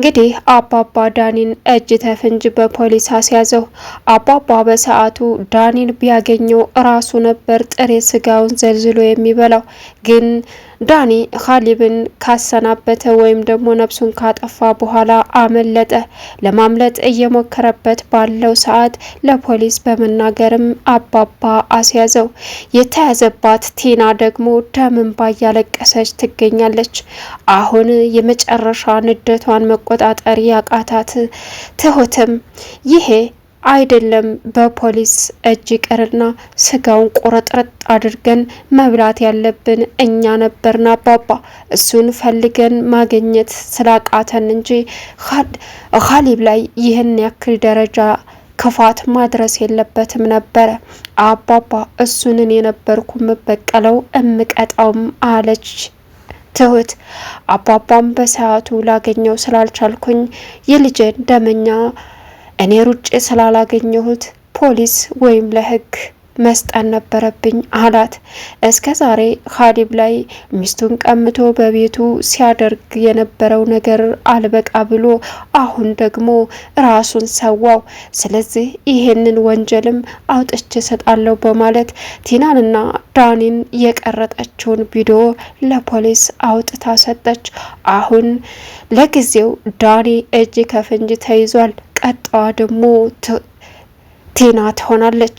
እንግዲህ አባባ ዳኒን እጅ ተፍንጅ በፖሊስ አስያዘው። አባባ በሰዓቱ ዳኒን ቢያገኘው ራሱ ነበር ጥሬ ስጋውን ዘልዝሎ የሚበላው ግን ዳኒ ካሊብን ካሰናበተ ወይም ደግሞ ነፍሱን ካጠፋ በኋላ አመለጠ። ለማምለጥ እየሞከረበት ባለው ሰዓት ለፖሊስ በመናገርም አባባ አስያዘው። የተያዘባት ቲና ደግሞ ደምንባ እያለቀሰች ትገኛለች። አሁን የመጨረሻ ንደቷን መቆጣጠር ያቃታት ትሁትም ይሄ አይደለም በፖሊስ እጅ ቀርና ስጋውን ቆረጥረጥ አድርገን መብላት ያለብን እኛ ነበርን አባባ። እሱን ፈልገን ማግኘት ስላቃተን እንጂ ኻሊብ ላይ ይህን ያክል ደረጃ ክፋት ማድረስ የለበትም ነበረ። አባባ እሱንን የነበርኩ የምበቀለው እምቀጣውም አለች ትሁት። አባባም በሰዓቱ ላገኘው ስላልቻልኩኝ የልጄን ደመኛ እኔ ሩጬ ስላላገኘሁት ፖሊስ ወይም ለህግ መስጠን ነበረብኝ አላት። እስከ ዛሬ ሀዲብ ላይ ሚስቱን ቀምቶ በቤቱ ሲያደርግ የነበረው ነገር አልበቃ ብሎ አሁን ደግሞ ራሱን ሰዋው። ስለዚህ ይሄንን ወንጀልም አውጥቼ ሰጣለሁ በማለት ቲናንና ዳኒን የቀረጠችውን ቪዲዮ ለፖሊስ አውጥታ ሰጠች። አሁን ለጊዜው ዳኒ እጅ ከፍንጅ ተይዟል። ቀጣዋ ደግሞ ቲና ትሆናለች።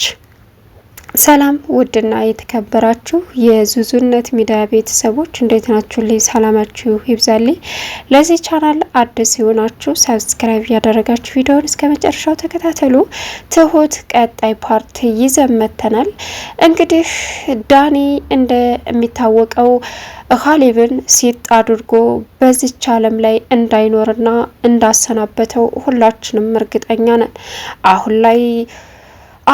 ሰላም ውድና የተከበራችሁ የዙዙነት ሚዲያ ቤተሰቦች እንዴት ናችሁ? ልይ ሰላማችሁ ይብዛልኝ። ለዚህ ቻናል አዲስ የሆናችሁ ሰብስክራይብ ያደረጋችሁ ቪዲዮን እስከ መጨረሻው ተከታተሉ። ትሁት ቀጣይ ፓርት ይዘመተናል። እንግዲህ ዳኒ እንደሚታወቀው ኻሊብን ሲጥ አድርጎ በዚች ዓለም ላይ እንዳይኖርና እንዳሰናበተው ሁላችንም እርግጠኛ ነን። አሁን ላይ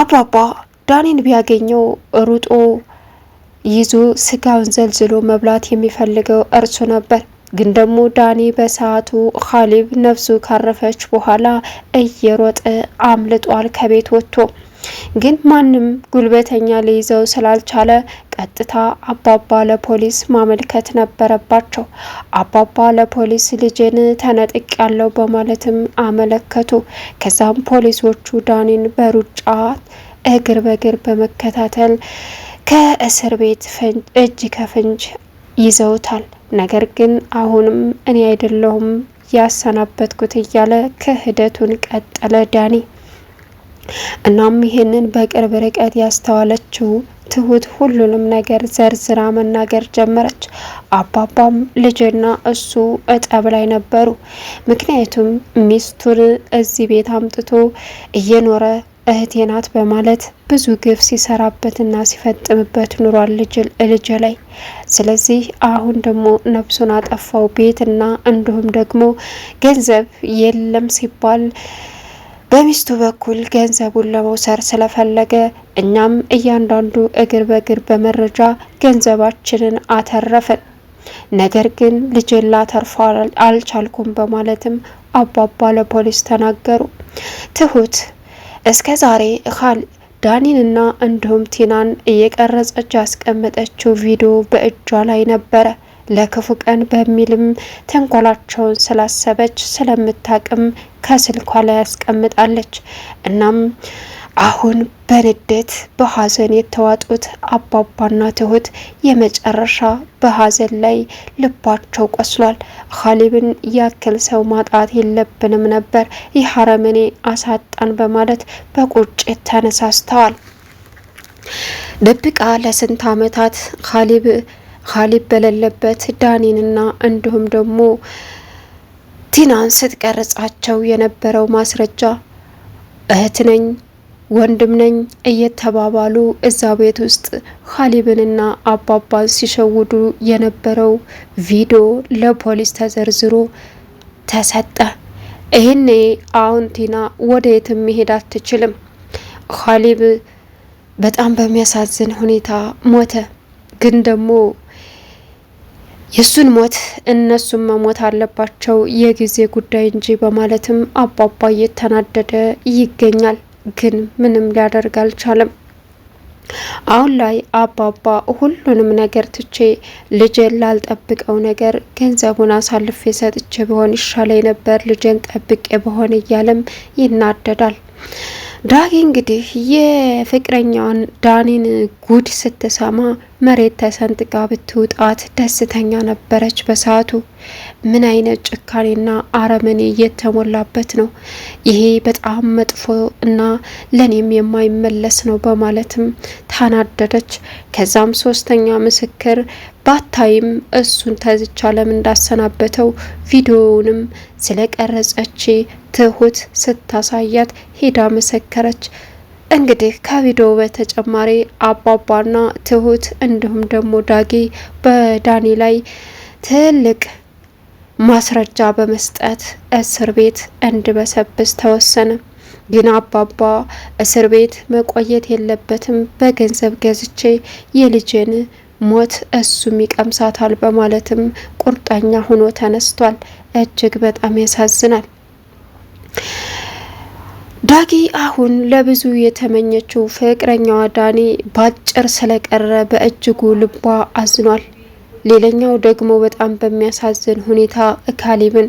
አባባ ዳኒን ቢያገኘው ሩጦ ይዞ ስጋውን ዘልዝሎ መብላት የሚፈልገው እርሱ ነበር። ግን ደግሞ ዳኒ በሰዓቱ ኻሊብ ነፍሱ ካረፈች በኋላ እየሮጠ አምልጧል ከቤት ወጥቶ። ግን ማንም ጉልበተኛ ሊይዘው ስላልቻለ ቀጥታ አባባ ለፖሊስ ማመልከት ነበረባቸው። አባባ ለፖሊስ ልጄን ተነጥቅ ያለው በማለትም አመለከቱ። ከዛም ፖሊሶቹ ዳኒን በሩጫ እግር በእግር በመከታተል ከእስር ቤት እጅ ከፍንጅ ይዘውታል። ነገር ግን አሁንም እኔ አይደለሁም ያሰናበትኩት እያለ ክህደቱን ቀጠለ ዳኒ። እናም ይህንን በቅርብ ርቀት ያስተዋለችው ትሁት ሁሉንም ነገር ዘርዝራ መናገር ጀመረች። አባባም ልጅና እሱ እጠብ ላይ ነበሩ። ምክንያቱም ሚስቱን እዚህ ቤት አምጥቶ እየኖረ እህቴ ናት በማለት ብዙ ግፍ ሲሰራበትና ሲፈጥምበት ኑሯል ልጅ ላይ። ስለዚህ አሁን ደግሞ ነፍሱን አጠፋው ቤትና እንዲሁም ደግሞ ገንዘብ የለም ሲባል በሚስቱ በኩል ገንዘቡን ለመውሰር ስለፈለገ እኛም እያንዳንዱ እግር በእግር በመረጃ ገንዘባችንን አተረፍን። ነገር ግን ልጅላ ላተርፍ አልቻልኩም በማለትም አባባ ለፖሊስ ተናገሩ። ትሁት እስከ ዛሬ ኻል ዳኒንና እንዲሁም ቲናን እየቀረጸች ያስቀመጠችው ቪዲዮ በእጇ ላይ ነበረ። ለክፉ ቀን በሚልም ተንኮላቸውን ስላሰበች ስለምታቅም ከስልኳ ላይ ያስቀምጣለች። እናም አሁን በንዴት በሀዘን የተዋጡት አባባና ትሁት የመጨረሻ በሀዘን ላይ ልባቸው ቆስሏል። ኻሊብን ያክል ሰው ማጣት የለብንም ነበር፣ ይህ አረመኔ አሳጣን በማለት በቁጭት ተነሳስተዋል። ደብቃ ለስንት ዓመታት ኻሊብ ኻሊብ በሌለበት ዳኒንና እንዲሁም ደግሞ ቲናን ስትቀርጻቸው የነበረው ማስረጃ እህት ነኝ ወንድም ነኝ እየተባባሉ እዛ ቤት ውስጥ ኻሊብንና አባባን ሲሸውዱ የነበረው ቪዲዮ ለፖሊስ ተዘርዝሮ ተሰጠ። ይህኔ አሁን ቲና ወደ የትም መሄድ አትችልም። ኻሊብ በጣም በሚያሳዝን ሁኔታ ሞተ። ግን ደግሞ የሱን ሞት እነሱን መሞት አለባቸው የጊዜ ጉዳይ እንጂ በማለትም አባባ እየተናደደ ይገኛል። ግን ምንም ሊያደርግ አልቻለም። አሁን ላይ አባባ ሁሉንም ነገር ትቼ ልጄን ላልጠብቀው ነገር ገንዘቡን አሳልፌ ሰጥቼ በሆን ይሻለኝ ነበር ልጄን ጠብቄ በሆን እያለም ይናደዳል። ዳጊ እንግዲህ የፍቅረኛውን ዳኒን ጉድ ስትሰማ መሬት ተሰንጥቃ ብትውጣት ደስተኛ ነበረች። በሰዓቱ ምን አይነት ጭካኔና አረመኔ እየተሞላበት ነው ይሄ በጣም መጥፎ እና ለእኔም የማይመለስ ነው በማለትም ታናደደች። ከዛም ሶስተኛ ምስክር ባታይም እሱን ተዝቻ ለምን እንዳሰናበተው ቪዲዮውንም ስለቀረጸች ትሁት ስታሳያት ሄዳ መሰከረች። እንግዲህ ከቪዲዮ በተጨማሪ አባባና ትሁት እንዲሁም ደግሞ ዳጊ በዳኒ ላይ ትልቅ ማስረጃ በመስጠት እስር ቤት እንዲበሰብስ ተወሰነ። ግን አባባ እስር ቤት መቆየት የለበትም፣ በገንዘብ ገዝቼ የልጄን ሞት እሱም ይቀምሳታል በማለትም ቁርጠኛ ሆኖ ተነስቷል። እጅግ በጣም ያሳዝናል። ዳጊ አሁን ለብዙ የተመኘችው ፍቅረኛዋ ዳኒ ባጭር ስለቀረ በእጅጉ ልቧ አዝኗል። ሌላኛው ደግሞ በጣም በሚያሳዝን ሁኔታ እካሊብን።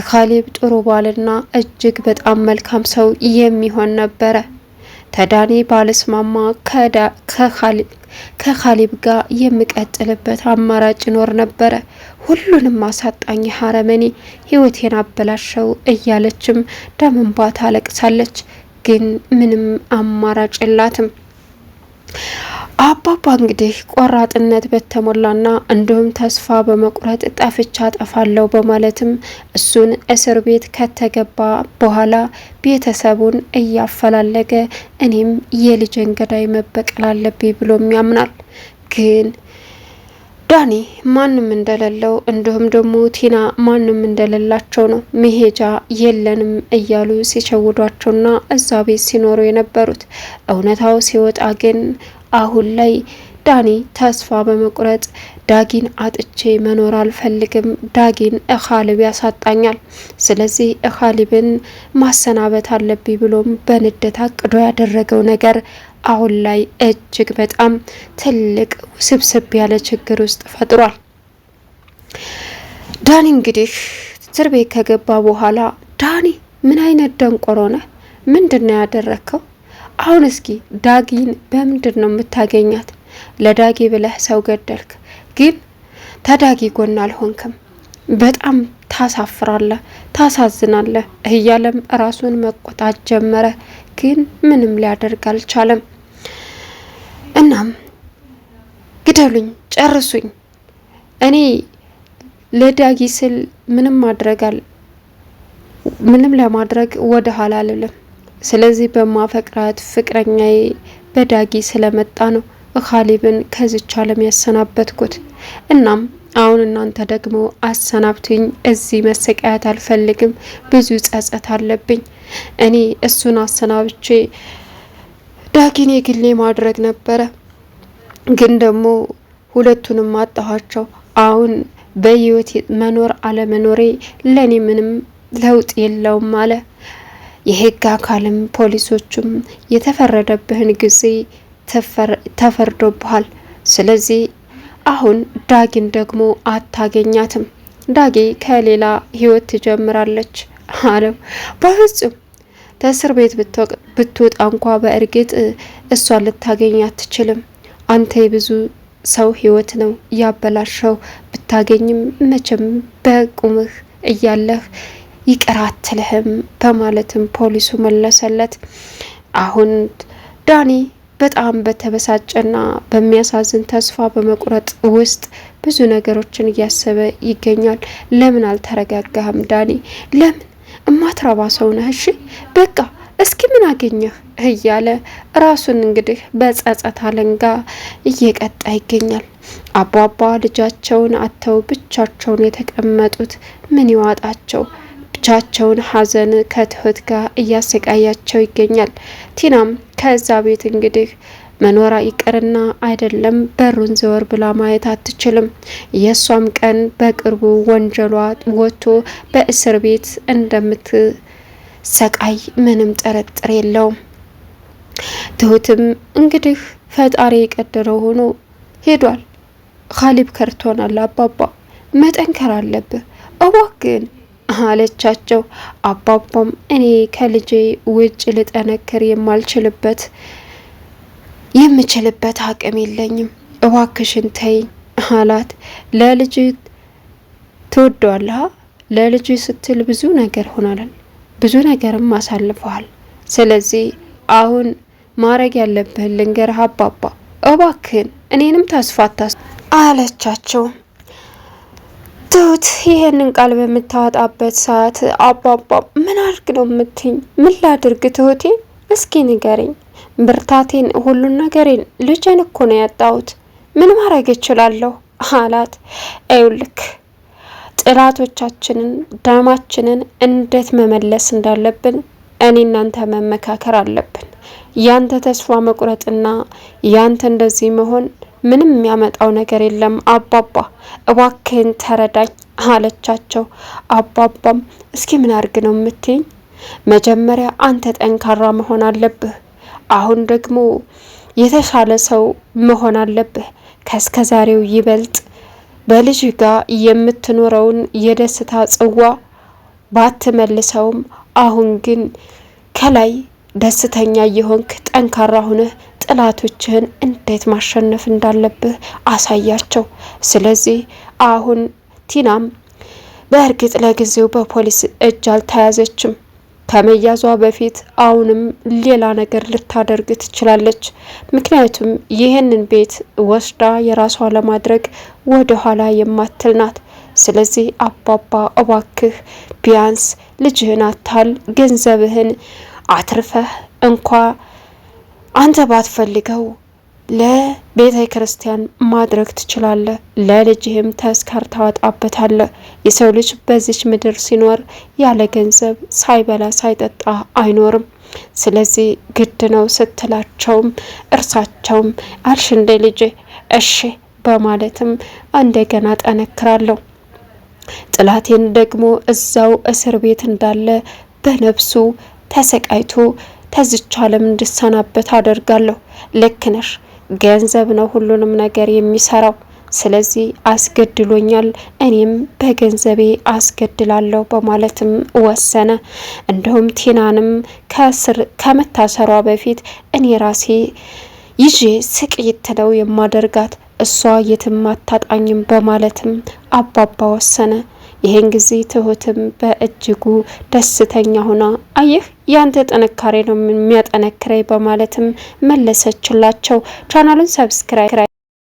እካሊብ ጥሩ ባልና እጅግ በጣም መልካም ሰው የሚሆን ነበረ። ተዳኒ ባለስማማ ከካሊብ ጋር የምቀጥልበት አማራጭ ይኖር ነበረ። ሁሉንም አሳጣኝ ሀረመኔ ህይወቴን አበላሸው እያለችም ደም አለቅሳለች ታለቅሳለች። ግን ምንም አማራጭ የላትም። አባባ እንግዲህ ቆራጥነት በተሞላና እንዲሁም ተስፋ በመቁረጥ ጠፍቻ ጠፋለሁ በማለትም እሱን እስር ቤት ከተገባ በኋላ ቤተሰቡን እያፈላለገ እኔም የልጅ እንገዳይ መበቀል አለብኝ ብሎም ያምናል ግን ዳኒ ማንም እንደሌለው እንዲሁም ደግሞ ቲና ማንም እንደሌላቸው ነው መሄጃ የለንም እያሉ ሲሸውዷቸውና እዛ ቤት ሲኖሩ የነበሩት እውነታው ሲወጣ ግን አሁን ላይ ዳኒ ተስፋ በመቁረጥ ዳጊን አጥቼ መኖር አልፈልግም፣ ዳጊን እኻሊብ ያሳጣኛል፣ ስለዚህ እኻሊብን ማሰናበት አለብኝ ብሎም በንዴት አቅዶ ያደረገው ነገር አሁን ላይ እጅግ በጣም ትልቅ ውስብስብ ያለ ችግር ውስጥ ፈጥሯል። ዳኒ እንግዲህ እስር ቤት ከገባ በኋላ ዳኒ ምን አይነት ደንቆሮ ነህ? ምንድን ነው ያደረግከው? አሁን እስኪ ዳጊን በምንድን ነው የምታገኛት? ለዳጊ ብለህ ሰው ገደልክ፣ ግን ተዳጊ ጎን አልሆንክም። በጣም ታሳፍራለህ፣ ታሳዝናለህ እያለም ራሱን መቆጣት ጀመረ። ግን ምንም ሊያደርግ አልቻለም። እናም ግደሉኝ፣ ጨርሱኝ፣ እኔ ለዳጊ ስል ምንም ማድረጋል ምንም ለማድረግ ወደ ኋላ አልልም። ስለዚህ በማፈቅራት ፍቅረኛዬ በዳጊ ስለመጣ ነው ኻሊብን ከዚች ዓለም ያሰናበትኩት። እናም አሁን እናንተ ደግሞ አሰናብቱኝ። እዚህ መሰቃየት አልፈልግም። ብዙ ጸጸት አለብኝ። እኔ እሱን አሰናብቼ ዳጊን የግሌ ማድረግ ነበረ፣ ግን ደግሞ ሁለቱንም አጣኋቸው። አሁን በህይወት መኖር አለመኖሬ ለእኔ ምንም ለውጥ የለውም አለ። የህግ አካልም ፖሊሶቹም የተፈረደብህን ጊዜ ተፈርዶብሃል። ስለዚህ አሁን ዳጊን ደግሞ አታገኛትም። ዳጊ ከሌላ ህይወት ትጀምራለች አለው። በፍጹም ከእስር ቤት ብትወጣ እንኳ በእርግጥ እሷን ልታገኝ አትችልም። አንተ የብዙ ሰው ህይወት ነው ያበላሸው። ብታገኝም መቼም በቁምህ እያለህ ይቅር አትልህም በማለትም ፖሊሱ መለሰለት። አሁን ዳኒ በጣም በተበሳጨና በሚያሳዝን ተስፋ በመቁረጥ ውስጥ ብዙ ነገሮችን እያሰበ ይገኛል። ለምን አልተረጋጋህም ዳኒ? ለምን እማትረባ ሰው ነህ? እሺ በቃ እስኪ ምን አገኘህ? እያለ ራሱን እንግዲህ በጸጸት አለንጋ እየቀጣ ይገኛል። አባባ ልጃቸውን አጥተው ብቻቸውን የተቀመጡት ምን ይዋጣቸው? የልጃቸውን ሀዘን ከትሁት ጋር እያሰቃያቸው ይገኛል። ቲናም ከዛ ቤት እንግዲህ መኖራ ይቅርና አይደለም በሩን ዘወር ብላ ማየት አትችልም። የእሷም ቀን በቅርቡ ወንጀሏ ወጥቶ በእስር ቤት እንደምትሰቃይ ምንም ጥርጥር የለውም። ትሁትም እንግዲህ ፈጣሪ የቀደረው ሆኖ ሄዷል። ኻሊብ ከርቶናል። አባባ መጠንከር አለብህ እባክህን አለቻቸው። አባባም እኔ ከልጄ ውጭ ልጠነክር የማልችልበት የምችልበት አቅም የለኝም፣ እባክሽን ተይ አላት። ለልጅ ትወደዋለህ፣ ለልጅ ስትል ብዙ ነገር ሆናለን፣ ብዙ ነገርም አሳልፈዋል። ስለዚህ አሁን ማድረግ ያለብህን ልንገርህ አባባ፣ እባክህን እኔንም ተስፋ አታስ አለቻቸው። ትሁት ይሄንን ቃል በምታወጣበት ሰዓት አባባ ምን አድርግ ነው የምትኝ? ምን ላድርግ ትሁቴ፣ እስኪ ንገሪኝ። ብርታቴን፣ ሁሉን ነገሬን ልጄን እኮ ነው ያጣሁት። ምን ማድረግ እችላለሁ አላት። ይኸውልህ ጥላቶቻችንን ደማችንን እንዴት መመለስ እንዳለብን እኔ እናንተ መመካከር አለብን። ያንተ ተስፋ መቁረጥና ያንተ እንደዚህ መሆን ምንም የሚያመጣው ነገር የለም አባባ እባክህን ተረዳኝ አለቻቸው። አባባም እስኪ ምን አርግ ነው የምትይኝ? መጀመሪያ አንተ ጠንካራ መሆን አለብህ። አሁን ደግሞ የተሻለ ሰው መሆን አለብህ። ከእስከ ዛሬው ይበልጥ በልጅ ጋር የምትኖረውን የደስታ ጽዋ ባትመልሰውም አሁን ግን ከላይ ደስተኛ የሆንክ ጠንካራ ሁነህ ጥላቶችህን እንዴት ማሸነፍ እንዳለብህ አሳያቸው። ስለዚህ አሁን ቲናም በእርግጥ ለጊዜው በፖሊስ እጅ አልተያዘችም። ከመያዟ በፊት አሁንም ሌላ ነገር ልታደርግ ትችላለች። ምክንያቱም ይህንን ቤት ወስዳ የራሷ ለማድረግ ወደ ኋላ የማትል ናት። ስለዚህ አባባ እባክህ ቢያንስ ልጅህን አታል ገንዘብህን አትርፈህ እንኳ አንተ ባትፈልገው ለቤተ ክርስቲያን ማድረግ ትችላለህ። ለልጅህም ተስካር ታወጣበታለህ። የሰው ልጅ በዚች ምድር ሲኖር ያለ ገንዘብ ሳይበላ ሳይጠጣ አይኖርም። ስለዚህ ግድ ነው ስትላቸውም እርሳቸውም አልሽ እንደ ልጅ እሺ በማለትም እንደገና ጠነክራለሁ። ጥላቴን ደግሞ እዛው እስር ቤት እንዳለ በነፍሱ ተሰቃይቶ ተዝቻ ዓለም እንድሰናበት አደርጋለሁ። ልክ ነሽ፣ ገንዘብ ነው ሁሉንም ነገር የሚሰራው። ስለዚህ አስገድሎኛል፣ እኔም በገንዘቤ አስገድላለሁ በማለትም ወሰነ። እንዲሁም ቲናንም ከስር ከመታሰሯ በፊት እኔ ራሴ ይዤ ስቅይት ነው የማደርጋት፣ እሷ የትም አታጣኝም በማለትም አባባ ወሰነ። ይህን ጊዜ ትሁትም በእጅጉ ደስተኛ ሆና አየህ ያንተ ጥንካሬ ነው የሚያጠነክረኝ በማለትም መለሰችላቸው። ቻናሉን ሰብስክራይብ